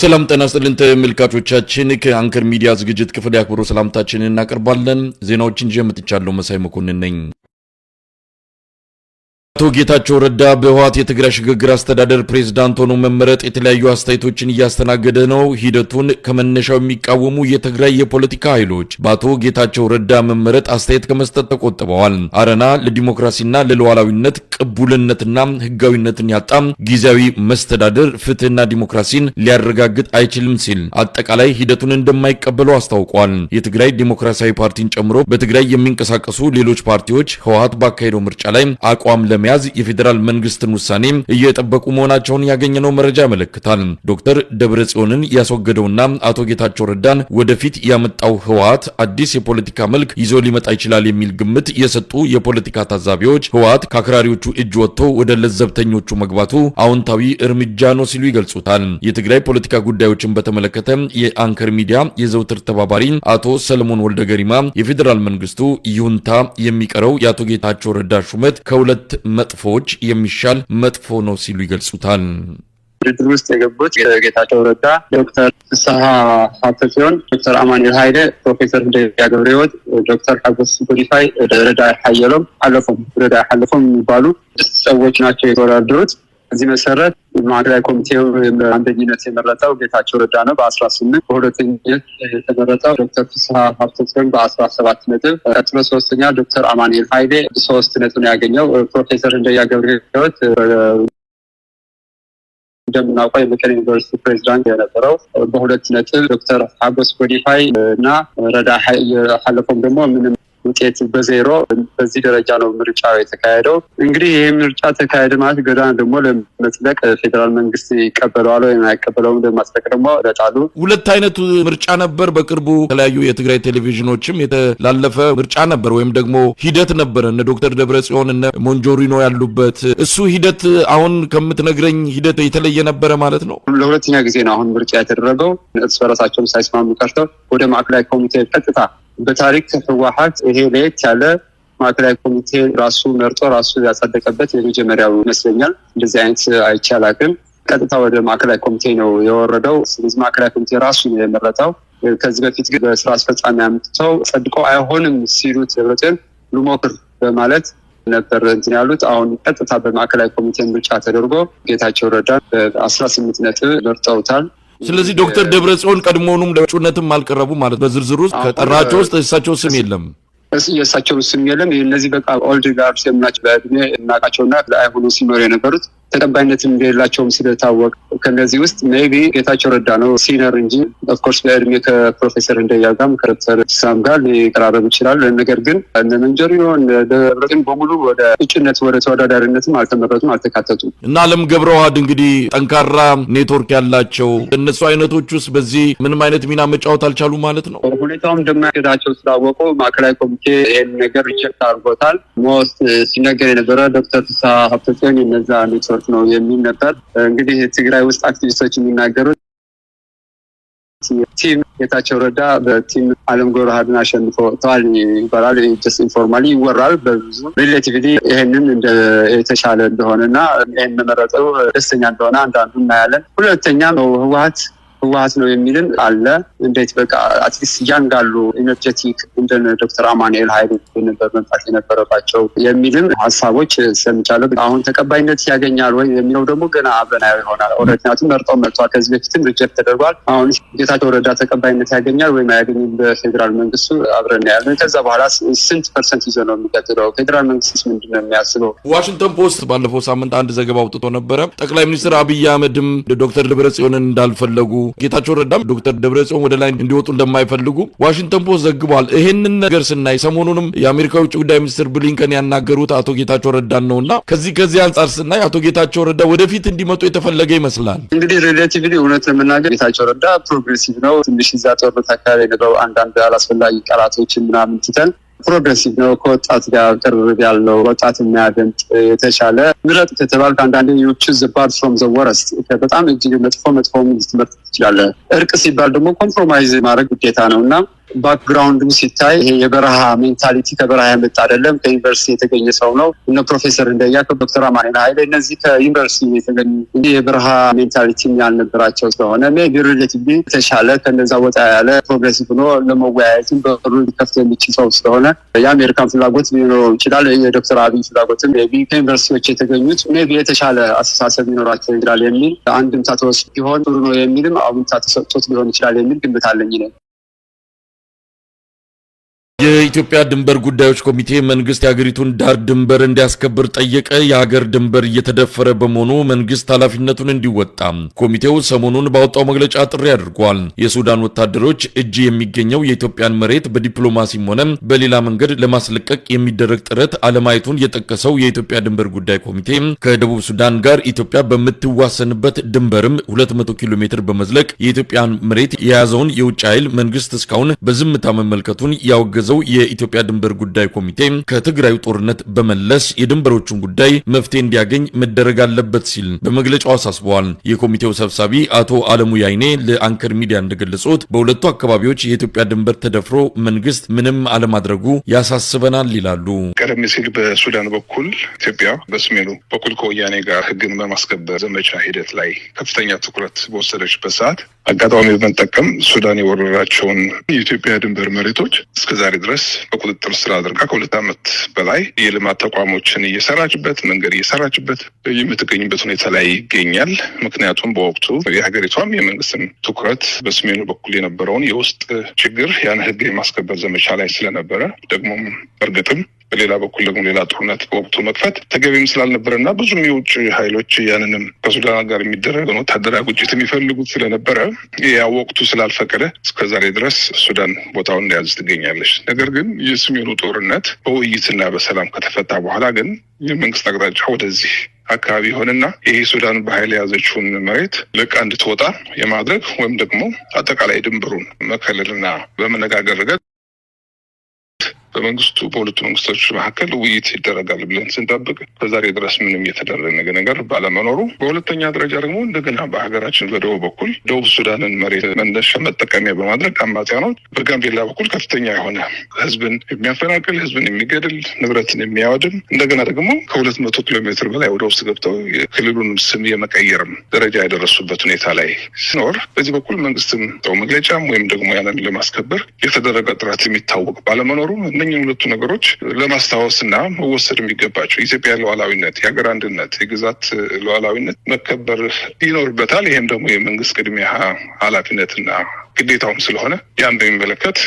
ሰላም ጤና ስጥልን ተመልካቾቻችን፣ ከአንከር ሚዲያ ዝግጅት ክፍል የአክብሮ ሰላምታችንን እናቀርባለን። ዜናዎችን ይዤ መጥቻለሁ። መሳይ መኮንን ነኝ። አቶ ጌታቸው ረዳ በህወሓት የትግራይ ሽግግር አስተዳደር ፕሬዝዳንት ሆኖ መመረጥ የተለያዩ አስተያየቶችን እያስተናገደ ነው። ሂደቱን ከመነሻው የሚቃወሙ የትግራይ የፖለቲካ ኃይሎች በአቶ ጌታቸው ረዳ መመረጥ አስተያየት ከመስጠት ተቆጥበዋል። አረና ለዲሞክራሲና ለሉዓላዊነት ቅቡልነትና ህጋዊነትን ያጣም ጊዜያዊ መስተዳደር ፍትህና ዲሞክራሲን ሊያረጋግጥ አይችልም ሲል አጠቃላይ ሂደቱን እንደማይቀበለው አስታውቋል። የትግራይ ዲሞክራሲያዊ ፓርቲን ጨምሮ በትግራይ የሚንቀሳቀሱ ሌሎች ፓርቲዎች ህወሓት ባካሄደው ምርጫ ላይ አቋም ለመያ ለመያዝ የፌዴራል መንግስትን ውሳኔ እየጠበቁ መሆናቸውን ያገኘነው መረጃ ያመለክታል። ዶክተር ደብረ ጽዮንን ያስወገደውና አቶ ጌታቸው ረዳን ወደፊት ያመጣው ህወሀት አዲስ የፖለቲካ መልክ ይዞ ሊመጣ ይችላል የሚል ግምት የሰጡ የፖለቲካ ታዛቢዎች ህወሀት ከአክራሪዎቹ እጅ ወጥቶ ወደ ለዘብተኞቹ መግባቱ አዎንታዊ እርምጃ ነው ሲሉ ይገልጹታል። የትግራይ ፖለቲካ ጉዳዮችን በተመለከተ የአንከር ሚዲያ የዘውትር ተባባሪ አቶ ሰለሞን ወልደ ገሪማ የፌዴራል መንግስቱ ይሁንታ የሚቀረው የአቶ ጌታቸው ረዳ ሹመት ከሁለት መጥፎዎች የሚሻል መጥፎ ነው ሲሉ ይገልጹታል። ድርድር ውስጥ የገቡት ጌታቸው ረዳ፣ ዶክተር ፍስሀ ሀብተ ሲሆን፣ ዶክተር አማኒል ኃይለ፣ ፕሮፌሰር ገብረ ገብረሕይወት፣ ዶክተር ሀጎስ ጉዲፋይ፣ ረዳ ሓየሎም፣ አለፎም ረዳ ሓለፎም የሚባሉ ሰዎች ናቸው የተወዳደሩት። በዚህ መሰረት ማዕከላዊ ኮሚቴው በአንደኝነት የመረጠው ጌታቸው ረዳ ነው በአስራ ስምንት በሁለተኝነት የተመረጠው ዶክተር ፍስሀ ሀብተ በአስራ ሰባት ነጥብ ቀጥሎ ሶስተኛ ዶክተር አማኑኤል ሀይሌ ሶስት ነጥብ ነው ያገኘው። ፕሮፌሰር እንደያ ገብረ እንደምናውቀው የመቀሌ ዩኒቨርሲቲ ፕሬዚዳንት የነበረው በሁለት ነጥብ ዶክተር ሀጎስ ጎዲፋይ እና ረዳ ሀለፎም ደግሞ ምንም ውጤት በዜሮ በዚህ ደረጃ ነው ምርጫው የተካሄደው። እንግዲህ ይህ ምርጫ ተካሄደ ማለት ገዳን ደግሞ ለመጽደቅ ፌዴራል መንግስት ይቀበለዋል ወይም አይቀበለውም፣ ለማጽደቅ ደግሞ ረጣሉ። ሁለት አይነት ምርጫ ነበር። በቅርቡ የተለያዩ የትግራይ ቴሌቪዥኖችም የተላለፈ ምርጫ ነበር ወይም ደግሞ ሂደት ነበር። እነ ዶክተር ደብረ ጽዮን እነ ሞንጆሪኖ ያሉበት እሱ ሂደት አሁን ከምትነግረኝ ሂደት የተለየ ነበረ ማለት ነው። ለሁለተኛ ጊዜ ነው አሁን ምርጫ የተደረገው። እርስ በራሳቸውም ሳይስማሙ ቀርተው ወደ ማዕከላዊ ኮሚቴ ቀጥታ በታሪክ ህወሀት ይሄ ለየት ያለ ማዕከላዊ ኮሚቴ ራሱ መርጦ ራሱ ያጸደቀበት የመጀመሪያው ይመስለኛል። እንደዚህ አይነት አይቼ ቀጥታ ወደ ማዕከላዊ ኮሚቴ ነው የወረደው። ስለዚህ ማዕከላዊ ኮሚቴ ራሱ ነው የመረጠው። ከዚህ በፊት ግን በስራ አስፈጻሚ አምጥተው ጸድቆ አይሆንም ሲሉት ደብረጽዮን ልሞክር በማለት ነበር እንትን ያሉት። አሁን ቀጥታ በማዕከላዊ ኮሚቴ ምርጫ ተደርጎ ጌታቸው ረዳ በአስራ ስምንት ነጥብ መርጠውታል። ስለዚህ ዶክተር ደብረ ጽዮን ቀድሞውኑም ለእጩነትም አልቀረቡ ማለት በዝርዝር ውስጥ ከጠራቸው ውስጥ እሳቸው ስም የለም የእሳቸውን ስም የለም። እነዚህ በቃ ኦልድ ጋርድስ የምናቸው በእድሜ እናቃቸውና ለአይሁኑ ሲኖር የነበሩት ተቀባይነት እንደሌላቸውም ስለታወቀ ከነዚህ ውስጥ ሜቢ ጌታቸው ረዳ ነው ሲነር እንጂ ኦፍኮርስ በእድሜ ከፕሮፌሰር እንደያጋም ከዶክተር ሳም ጋር ሊቀራረብ ይችላል። ነገር ግን እነ መንጀሪዮ ደብረጽዮን በሙሉ ወደ እጭነት ወደ ተወዳዳሪነትም አልተመረጡም፣ አልተካተቱም እና አለም ገብረዋድ እንግዲህ ጠንካራ ኔትወርክ ያላቸው እነሱ አይነቶች ውስጥ በዚህ ምንም አይነት ሚና መጫወት አልቻሉ ማለት ነው። ሁኔታውም እንደማያገዳቸው ስላወቁ ማዕከላዊ ኮሚቴ ይህን ነገር ሪጀክት አድርጎታል። ሞስት ሲነገር የነበረ ዶክተር ትሳ ሀብተጽዮን የነዛ ኔትወርክ ሪፖርት ነው የሚል ነበር። እንግዲህ ትግራይ ውስጥ አክቲቪስቶች የሚናገሩት ቲም ጌታቸው ረዳ በቲም አለም ጎረሃድን አሸንፎ ተዋል ይባላል። ስ ኢንፎርማሊ ይወራል በብዙ ሪሌቲቭሊ ይሄንን የተሻለ እንደሆነ እና ይህን መመረጠው ደስተኛ እንደሆነ አንዳንዱ እናያለን። ሁለተኛ ነው ህወሀት ህወሀት ነው የሚልን አለ። እንዴት በቃ አትሊስት እያንዳሉ ኢነርጀቲክ እንደነ ዶክተር አማኑኤል ሀይሉ ነበር መምጣት የነበረባቸው የሚልም ሀሳቦች ሰምቻለሁ። አሁን ተቀባይነት ያገኛል ወይ የሚለው ደግሞ ገና አብረና ይሆናል። ምክንያቱም መርጠው መርጧል። ከዚህ በፊትም ሪጀክት ተደርጓል። አሁን ጌታቸው ረዳ ተቀባይነት ያገኛል ወይም አያገኝም በፌዴራል መንግስቱ አብረና ያለን ከዛ በኋላ ስንት ፐርሰንት ይዞ ነው የሚቀጥለው? ፌዴራል መንግስት ምንድን ነው የሚያስበው? ዋሽንግተን ፖስት ባለፈው ሳምንት አንድ ዘገባ አውጥቶ ነበረ። ጠቅላይ ሚኒስትር አብይ አህመድም ዶክተር ደብረጽዮንን እንዳልፈለጉ ጌታቸው ረዳም ዶክተር ደብረጽዮን ወደ ላይ እንዲወጡ እንደማይፈልጉ ዋሽንግተን ፖስት ዘግቧል። ይህንን ነገር ስናይ ሰሞኑንም የአሜሪካ ውጭ ጉዳይ ሚኒስትር ብሊንከን ያናገሩት አቶ ጌታቸው ረዳን ነው ነውና ከዚህ ከዚህ አንጻር ስናይ አቶ ጌታቸው ረዳ ወደፊት እንዲመጡ የተፈለገ ይመስላል። እንግዲህ ሪሌቲቭሊ እውነት ለመናገር ጌታቸው ረዳ ፕሮግሬሲቭ ነው። ትንሽ እዛ ጦርነት አካባቢ ነበረው አንዳንድ አላስፈላጊ ቃላቶችን ምናምን ትተን ፕሮግረሲቭ ነው። ከወጣት ጋር ቅርብ ያለው ወጣት የሚያደምጥ የተሻለ ምረጥ ከተባል አንዳንዴ ዩ ቹዝ ባድ ፍሮም ዘ ወረስት በጣም እጅግ መጥፎ መጥፎ ልትመርጥ ትችላለህ። እርቅ ሲባል ደግሞ ኮምፕሮማይዝ ማድረግ ግዴታ ነው እና ባክግራውንድም ሲታይ ይሄ የበረሃ ሜንታሊቲ ከበረሃ ያመጣ አይደለም፣ ከዩኒቨርሲቲ የተገኘ ሰው ነው። እነ ፕሮፌሰር እንደያ ከዶክተር አማኑኤል ሀይለ እነዚህ ከዩኒቨርሲቲ የተገኙ እንዲህ የበረሃ ሜንታሊቲ ያልነበራቸው ስለሆነ ሜቢ ሪሌቲቭሊ የተሻለ ከነዛ ወጣ ያለ ፕሮግሬሲቭ ሆኖ ለመወያየትም በሩ ሊከፍት የሚችል ሰው ስለሆነ የአሜሪካን ፍላጎት ሊኖረው ይችላል። የዶክተር አብይ ፍላጎትም ቢ ከዩኒቨርሲቲዎች የተገኙት ቢ የተሻለ አስተሳሰብ ሊኖራቸው ይችላል የሚል አንድምታ ተወስዶ ሊሆን ጥሩ ነው የሚልም አሁንታ ተሰጥቶት ሊሆን ይችላል የሚል ግምት አለኝ ነው። የኢትዮጵያ ድንበር ጉዳዮች ኮሚቴ መንግስት የሀገሪቱን ዳር ድንበር እንዲያስከብር ጠየቀ። የሀገር ድንበር እየተደፈረ በመሆኑ መንግስት ኃላፊነቱን እንዲወጣ ኮሚቴው ሰሞኑን ባወጣው መግለጫ ጥሪ አድርጓል። የሱዳን ወታደሮች እጅ የሚገኘው የኢትዮጵያን መሬት በዲፕሎማሲም ሆነ በሌላ መንገድ ለማስለቀቅ የሚደረግ ጥረት አለማየቱን የጠቀሰው የኢትዮጵያ ድንበር ጉዳይ ኮሚቴ ከደቡብ ሱዳን ጋር ኢትዮጵያ በምትዋሰንበት ድንበርም 200 ኪሎ ሜትር በመዝለቅ የኢትዮጵያን መሬት የያዘውን የውጭ ኃይል መንግስት እስካሁን በዝምታ መመልከቱን ያወገዘ የያዘው የኢትዮጵያ ድንበር ጉዳይ ኮሚቴ ከትግራዩ ጦርነት በመለስ የድንበሮቹን ጉዳይ መፍትሄ እንዲያገኝ መደረግ አለበት ሲል በመግለጫው አሳስበዋል። የኮሚቴው ሰብሳቢ አቶ አለሙ ያይኔ ለአንከር ሚዲያ እንደገለጹት በሁለቱ አካባቢዎች የኢትዮጵያ ድንበር ተደፍሮ መንግስት ምንም አለማድረጉ ያሳስበናል ይላሉ። ቀደም ሲል በሱዳን በኩል ኢትዮጵያ በሰሜኑ በኩል ከወያኔ ጋር ህግን በማስከበር ዘመቻ ሂደት ላይ ከፍተኛ ትኩረት በወሰደችበት ሰዓት አጋጣሚ በመጠቀም ሱዳን የወረራቸውን የኢትዮጵያ ድንበር መሬቶች እስከዛሬ ድረስ በቁጥጥር ስር አድርጋ ከሁለት ዓመት በላይ የልማት ተቋሞችን እየሰራችበት መንገድ እየሰራችበት የምትገኝበት ሁኔታ ላይ ይገኛል። ምክንያቱም በወቅቱ የሀገሪቷም የመንግስትም ትኩረት በሰሜኑ በኩል የነበረውን የውስጥ ችግር ያን ህግ የማስከበር ዘመቻ ላይ ስለነበረ ደግሞም እርግጥም በሌላ በኩል ደግሞ ሌላ ጦርነት በወቅቱ መክፈት ተገቢም ስላልነበረና ብዙም የውጭ ኃይሎች ያንንም ከሱዳን ጋር የሚደረገውን ወታደራዊ ግጭት የሚፈልጉት ስለነበረ ያ ወቅቱ ስላልፈቀደ እስከዛሬ ድረስ ሱዳን ቦታውን እንደያዝ ትገኛለች። ነገር ግን የሰሜኑ ጦርነት በውይይትና በሰላም ከተፈታ በኋላ ግን የመንግስት አቅጣጫ ወደዚህ አካባቢ ሆንና ይሄ ሱዳን በኃይል የያዘችውን መሬት ለቃ እንድትወጣ የማድረግ ወይም ደግሞ አጠቃላይ ድንብሩን መከለልና በመነጋገር ረገድ በመንግስቱ በሁለቱ መንግስቶች መካከል ውይይት ይደረጋል ብለን ስንጠብቅ በዛሬ ድረስ ምንም የተደረገ ነገር ባለመኖሩ፣ በሁለተኛ ደረጃ ደግሞ እንደገና በሀገራችን በደቡብ በኩል ደቡብ ሱዳንን መሬት መነሻ መጠቀሚያ በማድረግ አማጽያኖች በጋምቤላ በኩል ከፍተኛ የሆነ ህዝብን የሚያፈናቅል ህዝብን የሚገድል ንብረትን የሚያወድም እንደገና ደግሞ ከሁለት መቶ ኪሎ ሜትር በላይ ወደ ውስጥ ገብተው የክልሉንም ስም የመቀየርም ደረጃ ያደረሱበት ሁኔታ ላይ ሲኖር በዚህ በኩል መንግስትም መግለጫም ወይም ደግሞ ያንን ለማስከበር የተደረገ ጥረት የሚታወቅ ባለመኖሩ እነኚህ ሁለቱ ነገሮች ለማስታወስ እና መወሰድ የሚገባቸው የኢትዮጵያ ሉዓላዊነት፣ የሀገር አንድነት፣ የግዛት ሉዓላዊነት መከበር ይኖርበታል። ይህም ደግሞ የመንግስት ቅድሚያ ኃላፊነትና ግዴታውም ስለሆነ ያን በሚመለከት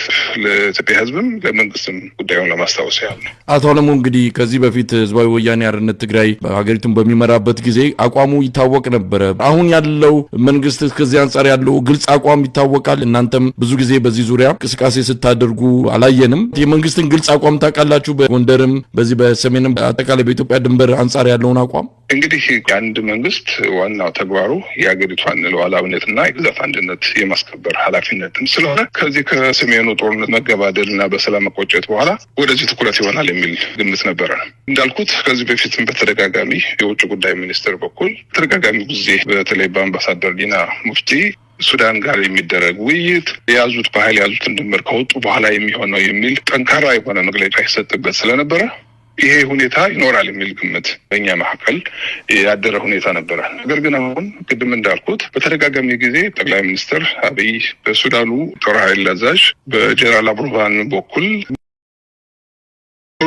ለኢትዮጵያ ህዝብም ለመንግስትም ጉዳዩን ለማስታወስ ያህል ነው። አቶ አለሙ እንግዲህ ከዚህ በፊት ህዝባዊ ወያኔ አርነት ትግራይ ሀገሪቱን በሚመራበት ጊዜ አቋሙ ይታወቅ ነበረ። አሁን ያለው መንግስት ከዚህ አንጻር ያለው ግልጽ አቋም ይታወቃል። እናንተም ብዙ ጊዜ በዚህ ዙሪያ እንቅስቃሴ ስታደርጉ አላየንም። የመንግስት ያላችሁበትን ግልጽ አቋም ታውቃላችሁ። በጎንደርም በዚህ በሰሜንም አጠቃላይ በኢትዮጵያ ድንበር አንጻር ያለውን አቋም እንግዲህ የአንድ መንግስት ዋናው ተግባሩ የሀገሪቷን ሉዓላዊነትና የግዛት አንድነት የማስከበር ኃላፊነትም ስለሆነ ከዚህ ከሰሜኑ ጦርነት መገባደል በሰላም መቆጨት በኋላ ወደዚህ ትኩረት ይሆናል የሚል ግምት ነበረ። እንዳልኩት ከዚህ በፊትም በተደጋጋሚ የውጭ ጉዳይ ሚኒስትር በኩል ተደጋጋሚ ጊዜ በተለይ በአምባሳደር ዲና ሙፍቲ ሱዳን ጋር የሚደረግ ውይይት የያዙት በኃይል የያዙትን ድንበር ከወጡ በኋላ የሚሆነው የሚል ጠንካራ የሆነ መግለጫ ይሰጥበት ስለነበረ ይሄ ሁኔታ ይኖራል የሚል ግምት በእኛ መካከል ያደረ ሁኔታ ነበረ። ነገር ግን አሁን ቅድም እንዳልኩት በተደጋጋሚ ጊዜ ጠቅላይ ሚኒስትር አብይ በሱዳኑ ጦር ኃይል አዛዥ በጀነራል አብሩሃን በኩል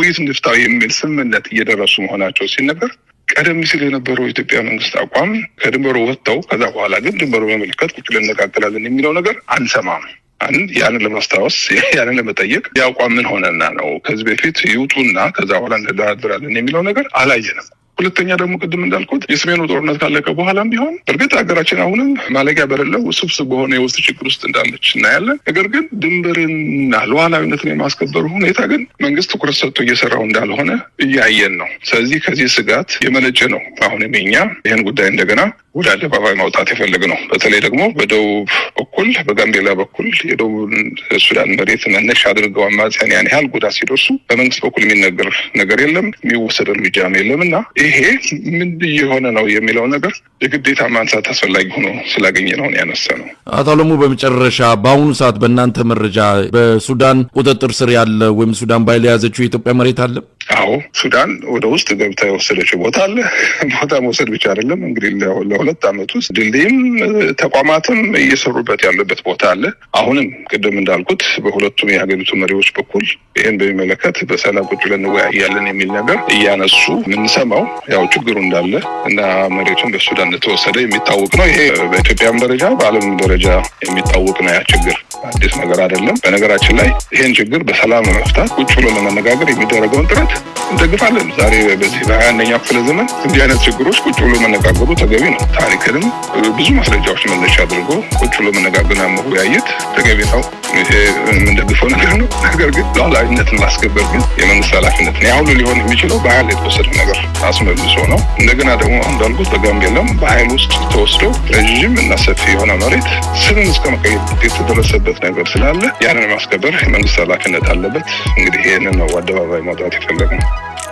ውይይት እንድፍታዊ የሚል ስምምነት እየደረሱ መሆናቸው ሲነገር ቀደም ሲል የነበረው የኢትዮጵያ መንግስት አቋም ከድንበሩ ወጥተው ከዛ በኋላ ግን ድንበሩ በመለከት ቁጭ ልነጋገራለን የሚለው ነገር አንሰማም። አንድ ያንን ለማስታወስ ያንን ለመጠየቅ የአቋም ምን ሆነና ነው ከዚህ በፊት ይውጡና ከዛ በኋላ እንደዳደራለን የሚለው ነገር አላየንም። ሁለተኛ ደግሞ ቅድም እንዳልኩት የሰሜኑ ጦርነት ካለቀ በኋላም ቢሆን እርግጥ ሀገራችን አሁንም ማለቂያ በሌለው ውስብስብ በሆነ የውስጥ ችግር ውስጥ እንዳለች እናያለን። ነገር ግን ድንበርንና ሉዓላዊነትን የማስከበሩ ሁኔታ ግን መንግስት ትኩረት ሰጥቶ እየሰራው እንዳልሆነ እያየን ነው። ስለዚህ ከዚህ ስጋት የመነጨ ነው አሁንም የኛ ይህን ጉዳይ እንደገና ወደ አደባባይ ማውጣት የፈለግ ነው። በተለይ ደግሞ በደቡብ በኩል በጋምቤላ በኩል የደቡብ ሱዳን መሬት መነሻ አድርገው አማጽያን ያን ያህል ጉዳት ሲደርሱ በመንግስት በኩል የሚነገር ነገር የለም፣ የሚወሰድ እርምጃም የለም እና ይሄ ምን የሆነ ነው የሚለው ነገር የግዴታ ማንሳት አስፈላጊ ሆኖ ስላገኘ ነው ያነሰ ነው። አቶ አለሙ፣ በመጨረሻ በአሁኑ ሰዓት በእናንተ መረጃ በሱዳን ቁጥጥር ስር ያለ ወይም ሱዳን ባይለያዘችው የኢትዮጵያ መሬት አለ? አዎ ሱዳን ወደ ውስጥ ገብታ የወሰደችው ቦታ አለ። ቦታ መውሰድ ብቻ አይደለም እንግዲህ ለሁለት አመት ውስጥ ድልድይም ተቋማትም እየሰሩበት ያለበት ቦታ አለ። አሁንም ቅድም እንዳልኩት በሁለቱም የሀገሪቱ መሪዎች በኩል ይህን በሚመለከት በሰላም ቁጭ ለንወያያለን የሚል ነገር እያነሱ የምንሰማው ያው ችግሩ እንዳለ እና መሬቱን በሱዳን እንደተወሰደ የሚታወቅ ነው። ይሄ በኢትዮጵያም ደረጃ በአለም ደረጃ የሚታወቅ ነው። ያ ችግር አዲስ ነገር አይደለም። በነገራችን ላይ ይህን ችግር በሰላም ለመፍታት ቁጭ ብሎ ለመነጋገር የሚደረገውን ጥረት እንደግፋለን። ዛሬ በዚህ በሀያ አንደኛ ክፍለ ዘመን እንዲህ አይነት ችግሮች ቁጭ ብሎ መነጋገሩ ተገቢ ነው። ታሪክንም ብዙ ማስረጃዎች መነሻ አድርጎ ቁጭ ብሎ መነጋገርና መወያየት ተገቢ ነው። ይሄ የምንደግፈው ነገር ነው። ነገር ግን ሉዓላዊነትን ማስከበር ግን የመንግስት ኃላፊነት ነው። ያሁሉ ሊሆን የሚችለው በሀይል የተወሰደ ነገር አስመልሶ ነው። እንደገና ደግሞ እንዳልኩት በጋምቤላም በሀይል ውስጥ ተወስዶ ረዥም እና ሰፊ የሆነ መሬት ስምን እስከ መቀየት የተደረሰበት ነገር ስላለ ያንን ማስከበር የመንግስት ኃላፊነት አለበት። እንግዲህ ይህንን ነው አደባባይ ማውጣት የፈለገ second.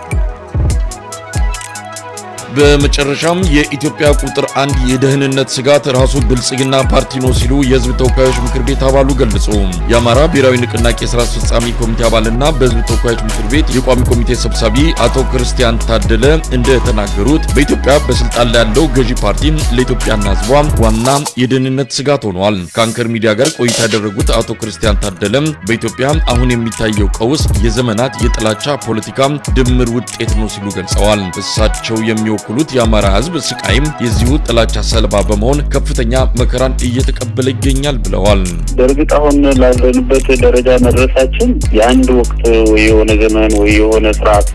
በመጨረሻም የኢትዮጵያ ቁጥር አንድ የደህንነት ስጋት ራሱ ብልጽግና ፓርቲ ነው ሲሉ የህዝብ ተወካዮች ምክር ቤት አባሉ ገለጹ። የአማራ ብሔራዊ ንቅናቄ ስራ አስፈጻሚ ኮሚቴ አባልና በህዝብ ተወካዮች ምክር ቤት የቋሚ ኮሚቴ ሰብሳቢ አቶ ክርስቲያን ታደለ እንደተናገሩት በኢትዮጵያ በስልጣን ላይ ያለው ገዢ ፓርቲ ለኢትዮጵያና ህዝቧ ዋና የደህንነት ስጋት ሆኗል። ከአንከር ሚዲያ ጋር ቆይታ ያደረጉት አቶ ክርስቲያን ታደለም በኢትዮጵያ አሁን የሚታየው ቀውስ የዘመናት የጥላቻ ፖለቲካ ድምር ውጤት ነው ሲሉ ገልጸዋል። እሳቸው የሚወ ያስተካክሉት የአማራ ህዝብ ስቃይም የዚሁ ጥላቻ ሰለባ በመሆን ከፍተኛ መከራን እየተቀበለ ይገኛል ብለዋል። በእርግጥ አሁን ላለንበት ደረጃ መድረሳችን የአንድ ወቅት ወይ የሆነ ዘመን ወይ የሆነ ስርዓት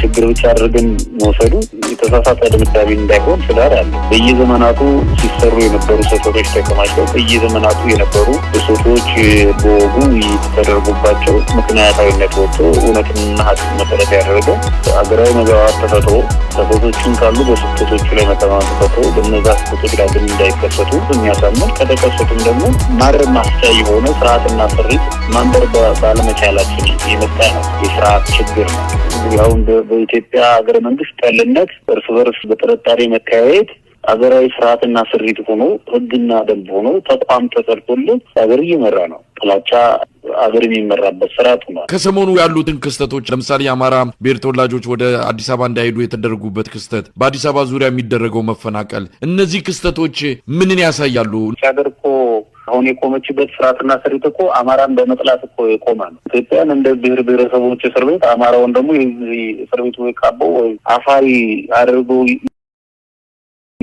ችግር ብቻ አድርገን መውሰዱ የተሳሳተ ድምዳሜ እንዳይሆን ስዳር አለ። በየዘመናቱ ሲሰሩ የነበሩ ስህተቶች ተቀማቸው በየዘመናቱ የነበሩ ብሶቶች በወጉ ተደርጉባቸው ምክንያታዊነት ወጥቶ እውነትና ሀቅ መሰረት ያደረገ ሀገራዊ መግባባት ተፈጥሮ ካ ካሉ በስህተቶቹ ላይ መጠማመጥፈቶ በነዛ ስህተቶች ላይ ግን እንዳይከሰቱ የሚያሳምን ከተከሰቱም ደግሞ ማረም ማስቻ የሆነ ስርዓትና ስሪት ማንበር ባለመቻላችን የመጣ ነው። የስርዓት ችግር ነው። አሁን በኢትዮጵያ ሀገረ መንግስት ጠልነት፣ እርስ በርስ በጥርጣሬ መካሄድ አገራዊ ስርዓትና ስሪት ሆኖ ህግና ደንብ ሆኖ ተቋም ተሰርቶለት አገር እየመራ ነው። ጥላቻ አገር የሚመራበት ስርዓት ሆኗል። ከሰሞኑ ያሉትን ክስተቶች ለምሳሌ የአማራ ብሔር ተወላጆች ወደ አዲስ አበባ እንዳይሄዱ የተደረጉበት ክስተት፣ በአዲስ አበባ ዙሪያ የሚደረገው መፈናቀል፣ እነዚህ ክስተቶች ምንን ያሳያሉ? ሀገር እኮ አሁን የቆመችበት ስርዓትና ስሪት እኮ አማራን በመጥላት እኮ የቆመ ነው። ኢትዮጵያን እንደ ብሔር ብሔረሰቦች እስር ቤት አማራውን ደግሞ የዚህ እስር ቤቱ ወይ ወይ አፋሪ አድርገው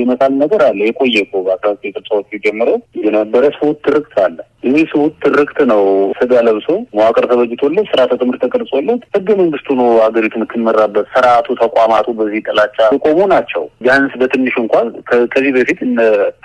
ይመሳል ነገር አለ። የቆየ እኮ በአስራ ዘጠኝ ስልሳዎቹ ጀምሮ የነበረ ስሁት ትርክት አለ። ይህ ስሁት ትርክት ነው ስጋ ለብሶ መዋቅር ተበጅቶለት ስርዓተ ትምህርት ተቀርጾለት ህገ መንግስቱ ነው ሀገሪቱ የምትመራበት ስርዓቱ ተቋማቱ በዚህ ጥላቻ የቆሙ ናቸው። ቢያንስ በትንሽ እንኳን ከዚህ በፊት እነ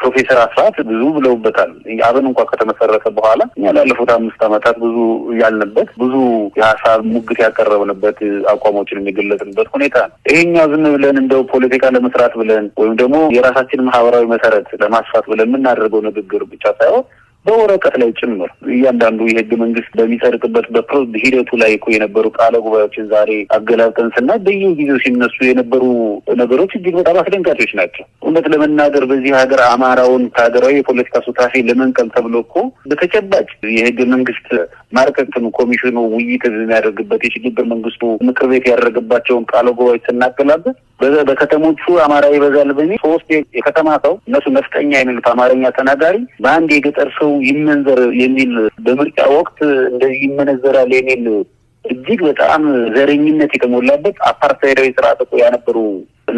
ፕሮፌሰር አስራት ብዙ ብለውበታል። አብን እንኳን ከተመሰረተ በኋላ እኛ ላለፉት አምስት ዓመታት ብዙ ያልንበት ብዙ የሀሳብ ሙግት ያቀረብንበት አቋሞችን የሚገለጥንበት ሁኔታ ነው። ይሄኛው ዝም ብለን እንደው ፖለቲካ ለመስራት ብለን ወይም ደግሞ የራሳችን ማህበራዊ መሰረት ለማስፋት ብለን የምናደርገው ንግግር ብቻ ሳይሆን በወረቀት ላይ ጭምር እያንዳንዱ የህግ መንግስት በሚጸድቅበት በፕሮብ ሂደቱ ላይ እኮ የነበሩ ቃለ ጉባኤዎችን ዛሬ አገላብጠን በየ ጊዜው ሲነሱ የነበሩ ነገሮች እጅግ በጣም አስደንጋጮች ናቸው። እውነት ለመናገር በዚህ ሀገር አማራውን ከሀገራዊ የፖለቲካ ሱታፌ ለመንቀል ተብሎ እኮ በተጨባጭ የህግ መንግስት ማርቀቅትን ኮሚሽኑ ውይይት የሚያደርግበት የሽግግር መንግስቱ ምክር ቤት ያደረገባቸውን ቃለ ጉባኤዎች ስናገላበት በከተሞቹ አማራ ይበዛል በሚል ሶስት የከተማ ሰው እነሱ ነፍጠኛ የሚሉት አማርኛ ተናጋሪ በአንድ የገጠር ሰው ይመንዘር የሚል በምርጫ ወቅት እንደዚህ ይመነዘራል የሚል እጅግ በጣም ዘረኝነት የተሞላበት አፓርታይዳዊ ስርዓት እኮ ያነበሩ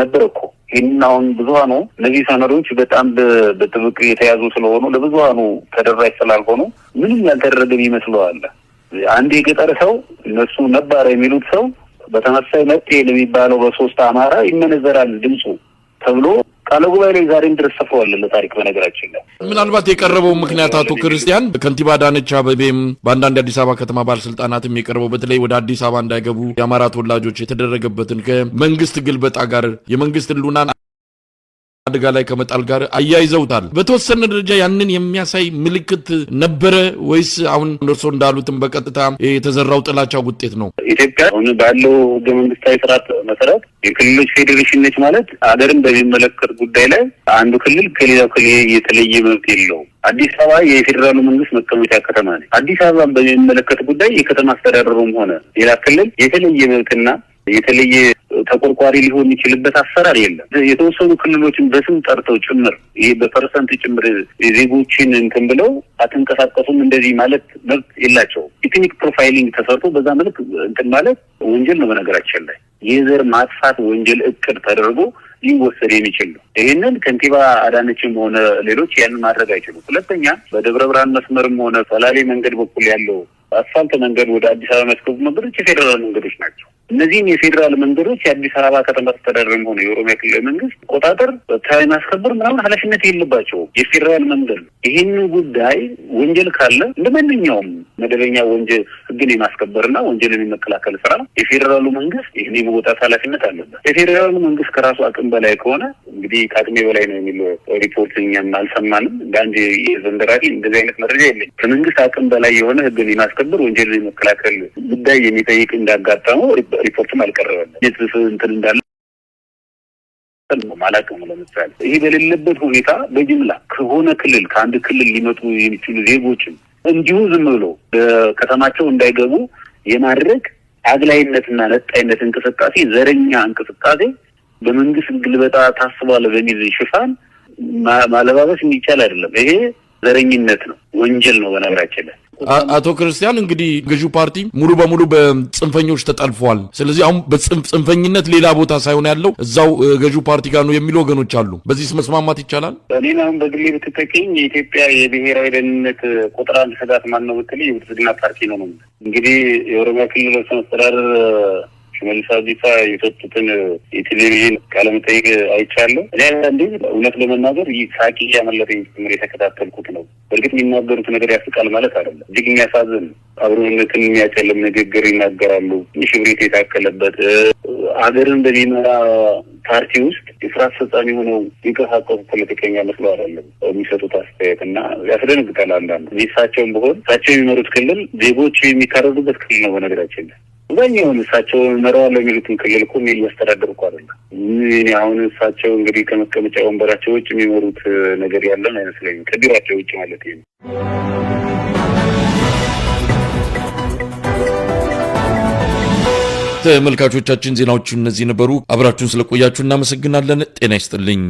ነበር እኮ። ይህንን አሁን ብዙሀኑ እነዚህ ሰነዶች በጣም በጥብቅ የተያዙ ስለሆኑ ለብዙሀኑ ተደራሽ ስላልሆኑ ምንም ያልተደረገም ይመስለዋል። አንድ የገጠር ሰው እነሱ ነባር የሚሉት ሰው በተመሳይ መጤ ለሚባለው በሶስት አማራ ይመነዘራል ድምፁ ተብሎ ቃለ ጉባኤ ላይ ዛሬም ድረስ ሰፈዋለን ለታሪክ በነገራችን ላይ ምናልባት የቀረበው ምክንያት አቶ ክርስቲያን ከንቲባ አዳነች አቤቤም በአንዳንድ የአዲስ አበባ ከተማ ባለስልጣናት የቀረበው በተለይ ወደ አዲስ አበባ እንዳይገቡ የአማራ ተወላጆች የተደረገበትን ከመንግስት ግልበጣ ጋር የመንግስት ህሉናን አደጋ ላይ ከመጣል ጋር አያይዘውታል። በተወሰነ ደረጃ ያንን የሚያሳይ ምልክት ነበረ ወይስ አሁን እርስዎ እንዳሉትም በቀጥታ የተዘራው ጥላቻ ውጤት ነው? ኢትዮጵያ አሁን ባለው ህገ መንግስታዊ ስርዓት መሰረት የክልሎች ፌዴሬሽን ነች ማለት ሀገርን በሚመለከት ጉዳይ ላይ አንዱ ክልል ከሌላው ክልል የተለየ መብት የለውም። አዲስ አበባ የፌዴራሉ መንግስት መቀመጫ ከተማ ነች። አዲስ አበባን በሚመለከት ጉዳይ የከተማ አስተዳደሩም ሆነ ሌላ ክልል የተለየ መብትና የተለየ ተቆርቋሪ ሊሆን የሚችልበት አሰራር የለም። የተወሰኑ ክልሎችን በስም ጠርተው ጭምር ይሄ በፐርሰንት ጭምር ዜጎችን እንትን ብለው አትንቀሳቀሱም እንደዚህ ማለት መብት የላቸው ኢትኒክ ፕሮፋይሊንግ ተሰርቶ በዛ መልክ እንትን ማለት ወንጀል ነው። በነገራችን ላይ የዘር ማጥፋት ወንጀል እቅድ ተደርጎ ሊወሰድ የሚችል ነው። ይህንን ከንቲባ አዳነችም ሆነ ሌሎች ያንን ማድረግ አይችሉም። ሁለተኛ በደብረ ብርሃን መስመርም ሆነ ሰላሌ መንገድ በኩል ያለው አስፋልት መንገድ ወደ አዲስ አበባ መስከቡ መንገዶች የፌዴራል መንገዶች ናቸው። እነዚህም የፌዴራል መንገዶች የአዲስ አበባ ከተማ አስተዳደርም ሆነ የኦሮሚያ ክልል መንግስት ቆጣጠር ታይም ማስከበር ምናምን ኃላፊነት የለባቸውም። የፌዴራል መንገድ ይህን ጉዳይ ወንጀል ካለ እንደ ማንኛውም መደበኛ ወንጀል ህግን የማስከበርና ወንጀልን የመከላከል ስራ የፌዴራሉ መንግስት ይህን የመወጣት ኃላፊነት አለበት። የፌዴራሉ መንግስት ከራሱ አቅም በላይ ከሆነ እንግዲህ ከአቅሜ በላይ ነው የሚለው ሪፖርት እኛም አልሰማንም። እንደ አንድ እንደዚህ አይነት መረጃ የለኝ። ከመንግስት አቅም በላይ የሆነ ህግን የማስከበር ወንጀልን የመከላከል ጉዳይ የሚጠይቅ እንዳጋጠመው ሪፖርትም አልቀረበለን የጽፍ እንትን እንዳለ አላውቅም። ለምሳሌ ይሄ በሌለበት ሁኔታ በጅምላ ከሆነ ክልል ከአንድ ክልል ሊመጡ የሚችሉ ዜጎችም እንዲሁ ዝም ብሎ ከተማቸው እንዳይገቡ የማድረግ አግላይነትና ነጣይነት እንቅስቃሴ፣ ዘረኛ እንቅስቃሴ በመንግስት ግልበጣ ታስባለ በሚል ሽፋን ማለባበስ የሚቻል አይደለም። ይሄ ዘረኝነት ነው፣ ወንጀል ነው። በነብራችን ላይ አቶ ክርስቲያን እንግዲህ ገዢው ፓርቲ ሙሉ በሙሉ በጽንፈኞች ተጠልፏል። ስለዚህ አሁን በጽንፈኝነት ሌላ ቦታ ሳይሆን ያለው እዛው ገዢው ፓርቲ ጋር ነው የሚሉ ወገኖች አሉ። በዚህ መስማማት ይቻላል። እኔን አሁን በግሌ ብትጠቂኝ የኢትዮጵያ የብሔራዊ ደህንነት ቁጥር አንድ ስጋት ማን ነው ብትል የብልጽግና ፓርቲ ነው ነው እንግዲህ የኦሮሚያ ክልል መስተዳድር ሽመልስ አብዲሳ የሰጡትን የቴሌቪዥን ቃለመጠይቅ አይቻለሁ። እኔ አንዳንዴ እውነት ለመናገር ይህ ሳቂ ያመለጠኝ ጭምር የተከታተልኩት ነው። በእርግጥ የሚናገሩት ነገር ያስቃል ማለት አይደለም። እጅግ የሚያሳዝን አብሮነትን የሚያጨልም ንግግር ይናገራሉ። ሽብሬት የታከለበት አገርን በሚመራ ፓርቲ ውስጥ የስራ አስፈጻሚ ሆነው ሊንቀሳቀሱ ፖለቲከኛ መስሎ አይደለም የሚሰጡት አስተያየት እና ያስደነግጣል። አንዳንዱ እሳቸውም በሆን እሳቸው የሚመሩት ክልል ዜጎች የሚታረዱበት ክልል ነው በነገራችን አብዛኛውን እሳቸው መረዋ ለሚሉትን ክልል እኮ እኔ እያስተዳደር እኮ አለ እኔ አሁን እሳቸው እንግዲህ ከመቀመጫ ወንበራቸው ውጭ የሚመሩት ነገር ያለን አይመስለኝም። ከቢሯቸው ውጭ ማለት ነው። ተመልካቾቻችን ዜናዎቹ እነዚህ ነበሩ። አብራችሁን ስለቆያችሁ እናመሰግናለን። ጤና ይስጥልኝ።